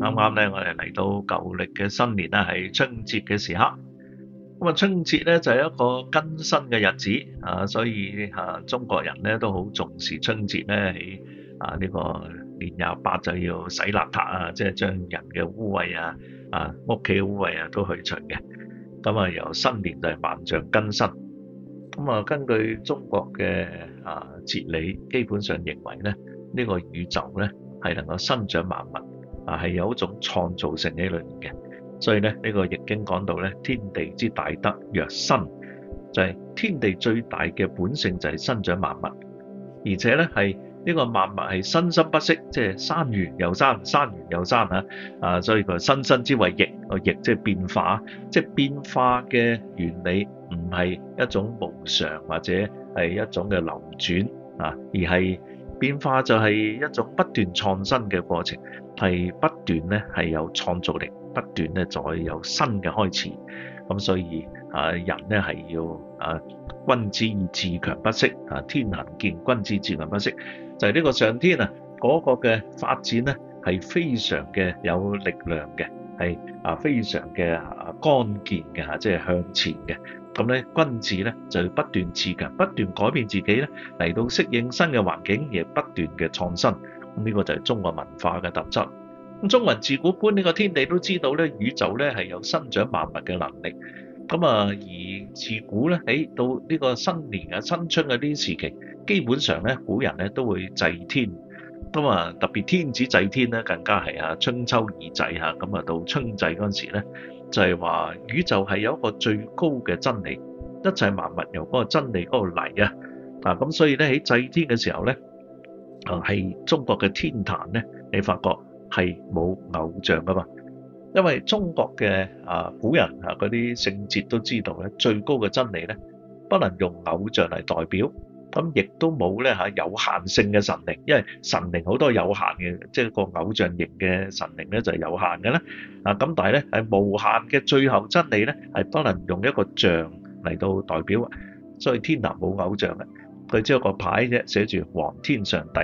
啱啱咧，剛剛我哋嚟到舊歷嘅新年啦，係春節嘅時刻。咁啊，春節咧就係一個更新嘅日子啊，所以嚇中國人咧都好重視春節咧，喺啊呢個年廿八就要洗邋遢啊，即係將人嘅污穢啊、啊屋企嘅污穢啊都去除嘅。咁啊，由新年就係萬象更新。咁啊，根據中國嘅啊哲理，基本上認為咧，呢個宇宙咧係能夠生長萬物。啊，係有一種創造性喺裏面嘅，所以咧、這、呢個易經講到咧，天地之大德曰生，就係、是、天地最大嘅本性就係生長萬物，而且咧係呢、這個萬物係生生不息，即係生完又生，生完又生嚇，啊，所以佢話生生之謂易，個易即係變化，即係變化嘅原理唔係一種無常或者係一種嘅流轉啊，而係。變化就係一種不斷創新嘅過程，係不斷咧係有創造力，不斷咧再有新嘅開始。咁所以啊，人咧係要啊，君子以自強不息啊，天行健，君子自強不息，就係呢個上天啊嗰個嘅發展咧係非常嘅有力量嘅，係啊非常嘅乾健嘅啊，即係向前嘅。咁咧，君子咧就不斷自強，不斷改變自己咧嚟到適應新嘅環境，亦不斷嘅創新。咁、這、呢個就係中國文化嘅特質。咁中文自古觀呢個天地都知道咧，宇宙咧係有生長萬物嘅能力。咁啊，而自古咧，喺到呢個新年呀新春嘅呢啲時期，基本上咧，古人咧都會祭天。咁啊，特別天子祭天咧，更加係啊，春秋二祭嚇。咁啊，到春祭嗰陣時咧，就係話宇宙係有一個最高嘅真理，一切萬物由嗰個真理嗰度嚟啊。啊，咁所以咧，喺祭天嘅時候咧，啊係中國嘅天壇咧，你發覺係冇偶像噶嘛。因為中國嘅啊古人啊嗰啲聖哲都知道咧，最高嘅真理咧，不能用偶像嚟代表。咁亦都冇咧有限性嘅神靈，因為神靈好多有限嘅，即係個偶像型嘅神靈咧就係有限嘅啦。啊，咁但係咧係無限嘅最後真理咧係不能用一個像嚟到代表，所以天壇冇偶像嘅，佢只有個牌啫，寫住皇天上帝。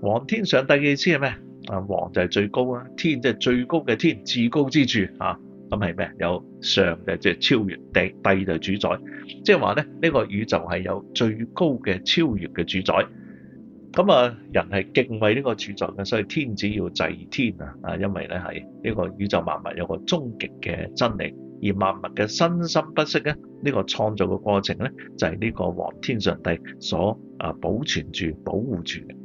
皇天上帝嘅意思係咩啊？皇就係最高啊，天即係最高嘅天，至高之柱啊。咁係咩？有上嘅，即係超越，低低就主宰。即係話咧，呢個宇宙係有最高嘅超越嘅主宰。咁啊，人係敬畏呢個主宰嘅，所以天子要祭天啊！啊，因為咧係呢個宇宙萬物有個終極嘅真理，而萬物嘅身心不息咧，呢、這個創造嘅過程咧就係呢個皇天上帝所啊保存住、保護住嘅。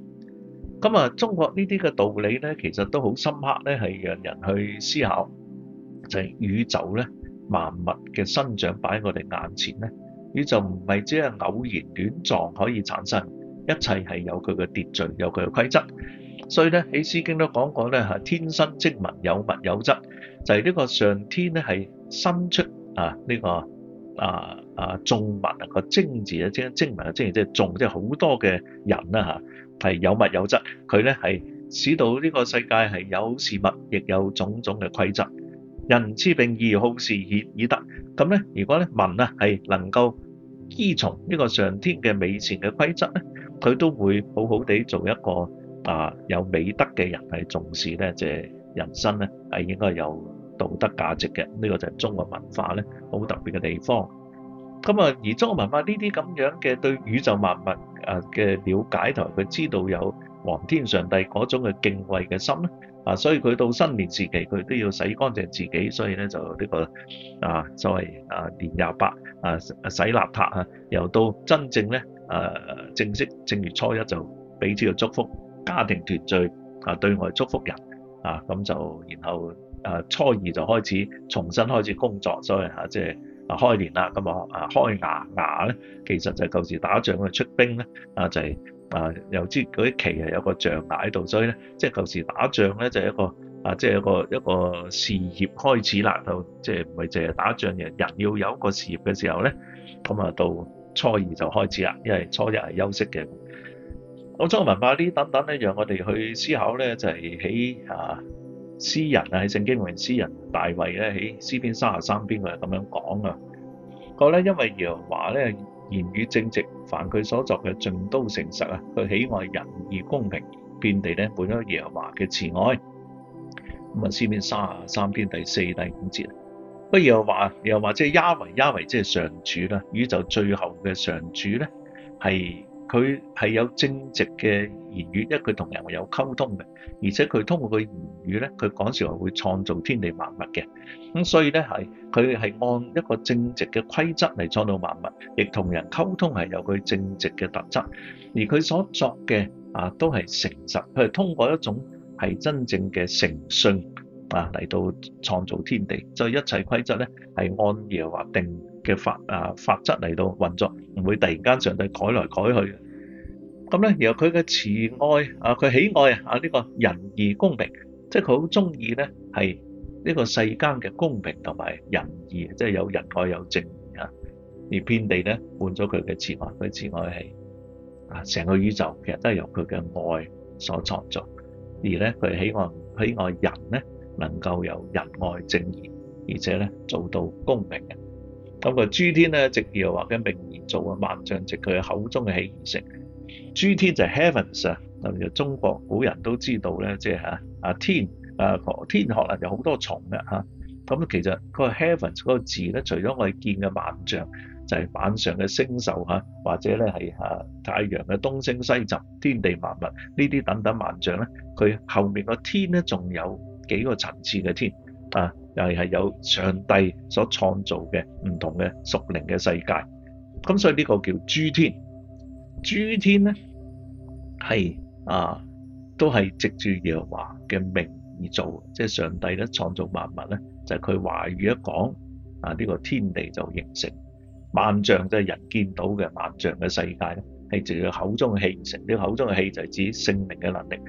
咁啊，中國呢啲嘅道理咧，其實都好深刻咧，係讓人去思考。就係、是、宇宙咧，萬物嘅生長擺喺我哋眼前咧，宇宙唔係只係偶然亂撞可以產生，一切係有佢嘅秩序，有佢嘅規則。所以咧喺《詩經》都講過咧嚇天生精文有物有質，就係、是、呢個上天咧係生出啊呢、這個啊啊眾文個精字即精精文精字即係眾，即係好多嘅人啦係、啊、有物有質，佢咧係使到呢個世界係有事物，亦有種種嘅規則。人之秉彝，好是懿，懿德。咁咧，如果咧民啊係能夠依從呢個上天嘅美善嘅規則咧，佢都會好好地做一個啊有美德嘅人，係重視咧，即係人生咧係應該有道德價值嘅。呢個就係中國文化咧好特別嘅地方。咁啊，而中國文化呢啲咁樣嘅對宇宙萬物啊嘅了解，同埋佢知道有皇天上帝嗰種嘅敬畏嘅心咧。啊，所以佢到新年時期，佢都要洗乾淨自己，所以咧就呢、這個啊，所謂啊年廿八啊洗邋遢啊，又、啊啊、到真正咧啊正式正月初一就俾呢個祝福，家庭團聚啊，對外祝福人啊，咁就然後啊初二就開始重新開始工作，所以嚇、啊、即係啊開年啦，咁啊啊開牙牙咧，其實就舊時打仗去出兵咧啊就係、是。啊，又知嗰啲旗係有個象牙喺度，所以咧，即係舊時打仗咧就是、一個啊，即、就、係、是、一個一個事業開始啦，就即係唔係淨係打仗嘅，人要有一個事業嘅時候咧，咁啊到初二就開始啦，因為初一係休息嘅。咁中國文化呢，等等咧，讓我哋去思考咧，就係、是、喺啊詩人啊，喺聖經裏面詩人大衛咧喺詩篇三十三邊佢係咁樣講啊，佢咧因為耶和華咧。言語正直，凡佢所作嘅盡都誠實啊！佢喜愛仁義公平，遍地呢滿咗耶和華嘅慈愛。咁啊，詩篇三十三篇第四第五節，不如又話又話，即係亞維亞維，即係上主」啦。宇宙最後嘅上主」呢係。佢係有正直嘅言語，因為佢同人有溝通嘅，而且佢通過佢言語咧，佢講時話會創造天地萬物嘅。咁所以咧，係佢係按一個正直嘅規則嚟創造萬物，亦同人溝通係有佢正直嘅特質，而佢所作嘅啊都係誠實，佢係通過一種係真正嘅誠信啊嚟到創造天地，就是、一切規則咧係按嘅話定。嘅法啊，法則嚟到運作，唔會突然間上帝改來改去嘅。咁咧，由佢嘅慈愛啊，佢喜愛啊，呢個仁義公平，即係佢好中意咧，係呢個世間嘅公平同埋仁義，即係有仁愛有正義啊。而遍地咧，換咗佢嘅慈愛，佢慈愛係啊，成個宇宙其實都係由佢嘅愛所創造。而咧，佢喜愛喜愛人咧，能夠有仁愛正義，而且咧做到公平。咁、那個諸天咧，直意又話緊並然造啊，萬象藉佢口中嘅氣而成。諸天就是 heavens 啊，例如中國古人都知道咧，即係嚇啊天啊天學能有好多重嘅嚇。咁其實個 heavens 個字咧，除咗我哋見嘅萬象，就係、是、晚上嘅星宿嚇，或者咧係嚇太陽嘅東升西集，天地萬物呢啲等等萬象咧，佢後面個天咧仲有幾個層次嘅天啊。又係有上帝所創造嘅唔同嘅屬靈嘅世界。咁所以呢個叫諸天。諸天咧係啊，都係藉住耶和華嘅名而做，即、就、係、是、上帝咧創造萬物咧，就係佢話語一講啊，呢、這個天地就形成萬象，就係人見到嘅萬象嘅世界咧，係藉佢口中嘅氣成。呢、這個、口中嘅氣就係指聖靈嘅能力。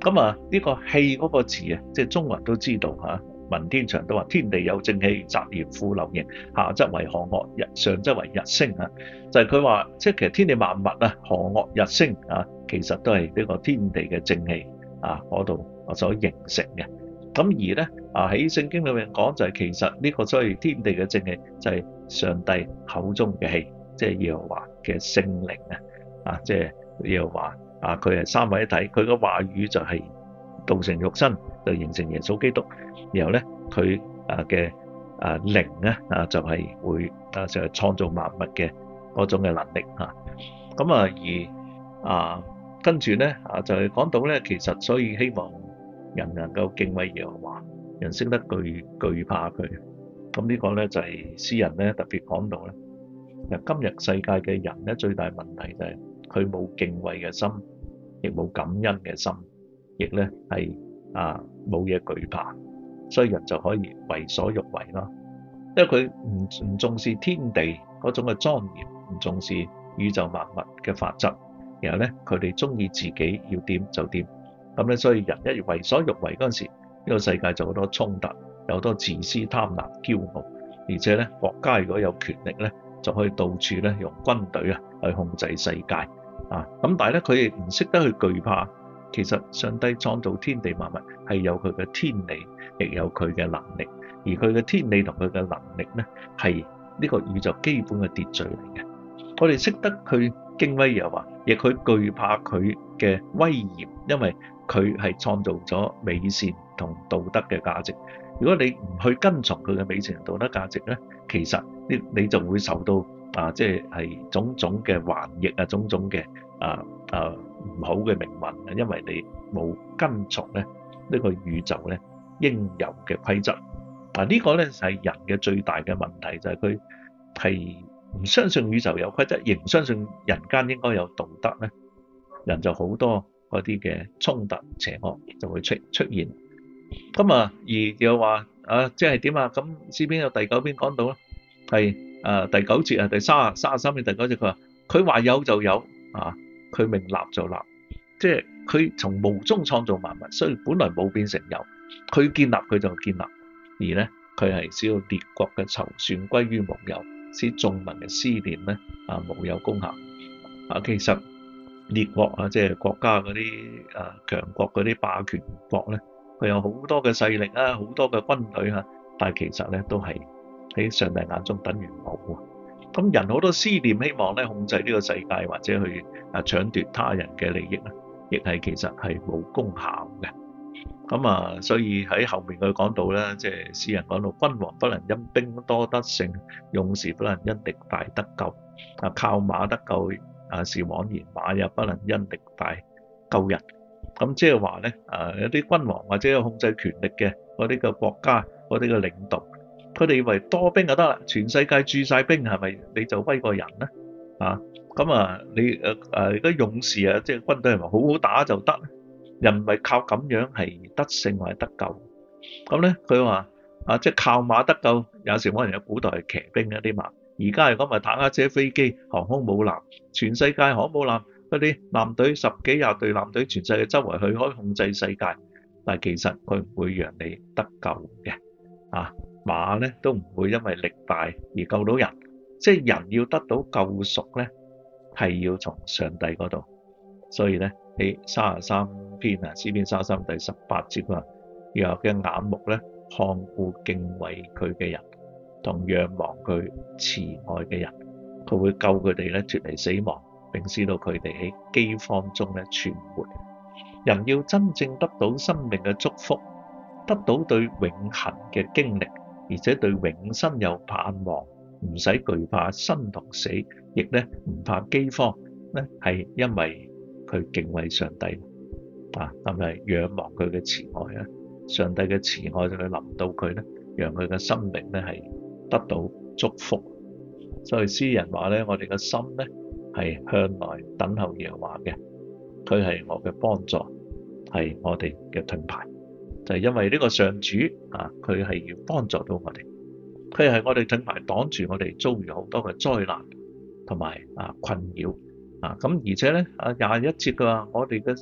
咁啊，呢、這個氣嗰、那個字啊，即係中文都知道嚇。啊文天祥都話：天地有正氣，雜然賦流形。下則為河岳，日上則為日星。啊，就係佢話，即係其實天地萬物啊，河岳日星啊，其實都係呢個天地嘅正氣啊，嗰度所形成嘅。咁而咧啊，喺聖經裏面講就係、是，其實呢個所謂天地嘅正氣，就係上帝口中嘅氣，即係耶和華嘅聖靈啊。啊、就是，即係耶和華啊，佢係三位一體，佢嘅話語就係道成肉身。就形成耶穌基督，然後咧佢啊嘅啊靈咧啊就係會啊就係創造萬物嘅嗰種嘅能力嚇。咁啊而啊跟住咧啊就係講到咧，其實所以希望人能夠敬畏耶和華，人識得懼懼怕佢。咁呢個咧就係詩人咧特別講到咧。嗱今日世界嘅人咧最大問題就係佢冇敬畏嘅心，亦冇感恩嘅心，亦咧係。啊！冇嘢懼怕，所以人就可以為所欲為咯。因為佢唔唔重視天地嗰種嘅莊嚴，唔重視宇宙萬物嘅法則。然後咧，佢哋中意自己要點就點。咁咧，所以人一為所欲為嗰陣時，呢個世界就好多衝突，有好多自私、貪婪、驕傲。而且咧，國家如果有權力咧，就可以到處咧用軍隊啊去控制世界啊。咁但係咧，佢哋唔識得去懼怕。其實上帝創造天地萬物係有佢嘅天理，亦有佢嘅能力。而佢嘅天理同佢嘅能力呢，係呢個宇宙基本嘅秩序嚟嘅。我哋識得佢敬畏，又話，亦佢懼怕佢嘅威嚴，因為佢係創造咗美善同道德嘅價值。如果你唔去跟從佢嘅美善同道德價值呢，其實你你就會受到啊，即係係種種嘅橫逆啊，種種嘅啊啊。啊唔好嘅命運啊，因為你冇跟從咧呢、這個宇宙咧應有嘅規則。嗱、啊這個，呢個咧就係人嘅最大嘅問題，就係佢係唔相信宇宙有規則，亦唔相信人間應該有道德咧，人就好多嗰啲嘅衝突邪惡就會出出現。咁啊而又話啊，即係點啊？咁詩篇有第九篇講到啦，係誒第九節啊，第三啊三十三篇第九節佢話佢話有就有啊。佢命立就立，即係佢從無中創造萬物，所以本來冇變成有。佢建立佢就建立，而呢，佢係使列國嘅籌算歸於無有，使眾民嘅思念呢，啊無有功效。啊，其實列國啊，即係國家嗰啲啊強國嗰啲霸權國咧，佢有好多嘅勢力啦，好多嘅軍隊嚇，但係其實咧都係喺上帝眼中等於冇啊。咁人好多思念，希望咧控制呢個世界，或者去啊搶奪他人嘅利益咧，亦係其實係冇功效嘅。咁啊，所以喺後面佢講到咧，即係詩人講到君王不能因兵多得勝，勇士不能因力大得救。啊，靠馬得救啊是枉然，馬也不能因力大救人。咁即係話咧，啊有啲君王或者有控制權力嘅嗰啲嘅國家，嗰啲嘅領導。佢哋以為多兵就得啦，全世界駐晒兵係咪你就威過人咧？啊，咁啊，你誒誒而家勇士、就是、是是就是是是啊，即係軍隊，係咪好好打就得咧？又唔係靠咁樣係得勝或係得救。咁咧，佢話啊，即係靠馬得救。有時可能有古代係騎兵嗰啲馬，而家嚟講咪坦克車、飛機、航空母艦，全世界航母艦嗰啲艦隊十幾廿隊艦隊，全世界周圍去可以控制世界，但係其實佢唔會讓你得救嘅啊。馬咧都唔會因為力大而救到人，即係人要得到救贖咧，係要從上帝嗰度。所以咧喺三十三篇啊，詩篇三十三第十八節佢話：若嘅眼目咧看顧敬畏佢嘅人，同仰望佢慈愛嘅人，佢會救佢哋咧脫離死亡，並使到佢哋喺饑荒中咧存活。人要真正得到生命嘅祝福，得到對永恆嘅經歷。而且對永生有盼望，唔使懼怕生同死，亦咧唔怕饑荒咧，係因為佢敬畏上帝啊，同埋仰望佢嘅慈愛啊。上帝嘅慈愛就會臨到佢咧，讓佢嘅生命咧係得到祝福。所以詩人話咧，我哋嘅心咧係向來等候耶和華嘅，佢係我嘅幫助，係我哋嘅盾牌。因為呢個上主啊，佢係要幫助到我哋，佢係我哋盾牌，擋住我哋遭遇好多嘅災難同埋啊困擾啊咁，而且咧啊廿一節嘅話，我哋嘅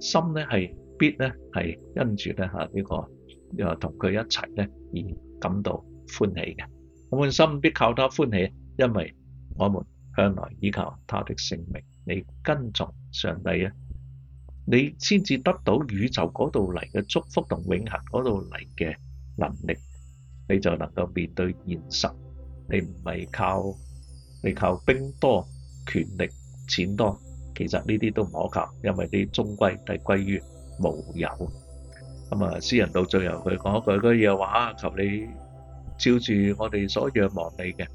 心咧係必咧係跟住咧嚇呢個又同佢一齊咧而感到歡喜嘅，我們心必靠他歡喜，因為我們向來依靠他的聖名。你跟從上帝啊。你先至得到宇宙嗰度嚟嘅祝福同永恆嗰度嚟嘅能力，你就能夠面對現實。你唔係靠你靠兵多、權力、錢多，其實呢啲都唔可靠，因為你終歸都係歸於無有。咁啊，詩人到最後佢講一句嘅嘢話，求你照住我哋所仰望你嘅，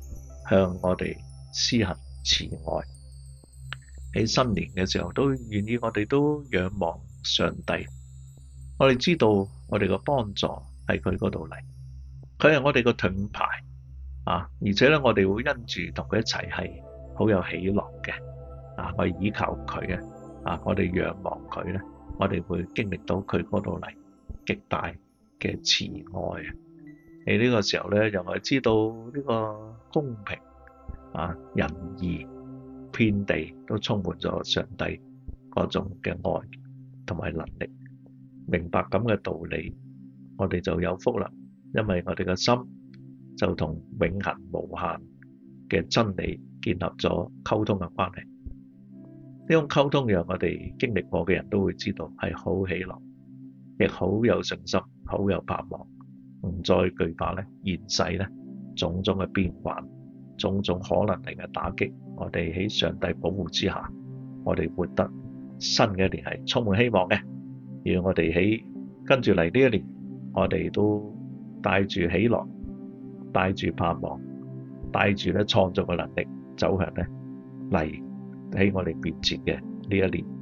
向我哋施行慈愛。喺新年嘅時候，都願意我哋都仰望上帝。我哋知道我哋嘅幫助喺佢嗰度嚟，佢係我哋個盾牌啊！而且咧，我哋會因住同佢一齊係好有喜樂嘅啊！我倚靠佢嘅啊！我哋仰望佢咧，我哋會經歷到佢嗰度嚟極大嘅慈愛。喺呢個時候咧，又係知道呢個公平啊仁義。人意遍地都充滿咗上帝各種嘅愛同埋能力，明白咁嘅道理，我哋就有福啦。因為我哋嘅心就同永恆無限嘅真理建立咗溝通嘅關係。呢種溝通讓我哋經歷過嘅人都會知道係好喜樂，亦好有信心，好有盼望，唔再懼怕咧現世咧種種嘅變幻、種種可能嚟嘅打擊。我哋喺上帝保護之下，我哋活得新嘅一年係充滿希望嘅。而我哋喺跟住嚟呢一年，我哋都帶住喜樂，帶住盼望，帶住咧創造嘅能力走向咧嚟喺我哋面前嘅呢一年。